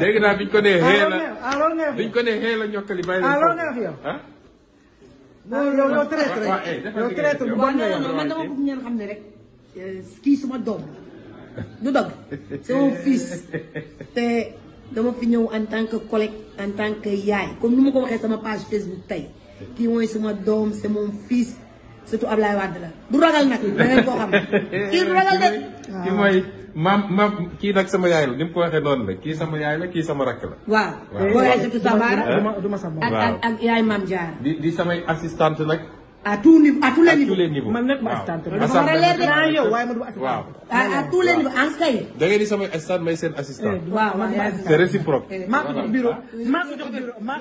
dégg naa biñ ko nee xëy na biñ ko nee ñokkali bàyyi man dama bëgg ngeen xam ne rek euh, kii suma doom du dog c'est mon te dama fi ñëw en tant que collègue en tant que yaay comme ni ma ko waxee sama page Facebook tey kii mooy suma doom c'est mon surtout Ablaye Wade la du ragal nag da ngeen koo xam kii nag sama yaay la ni ko waxee noonu la kii sama yaay la kii sama rakk la. waaw boo yee surtout Samara du ma sama ak ak ak yaay maam Diarra. di di samay assistante nag. à tous niveau à tous les niveaux à tous les niveaux. man nag ma assistante la. ma war a leer de waaw di samay assistante may seen assistant. waaw man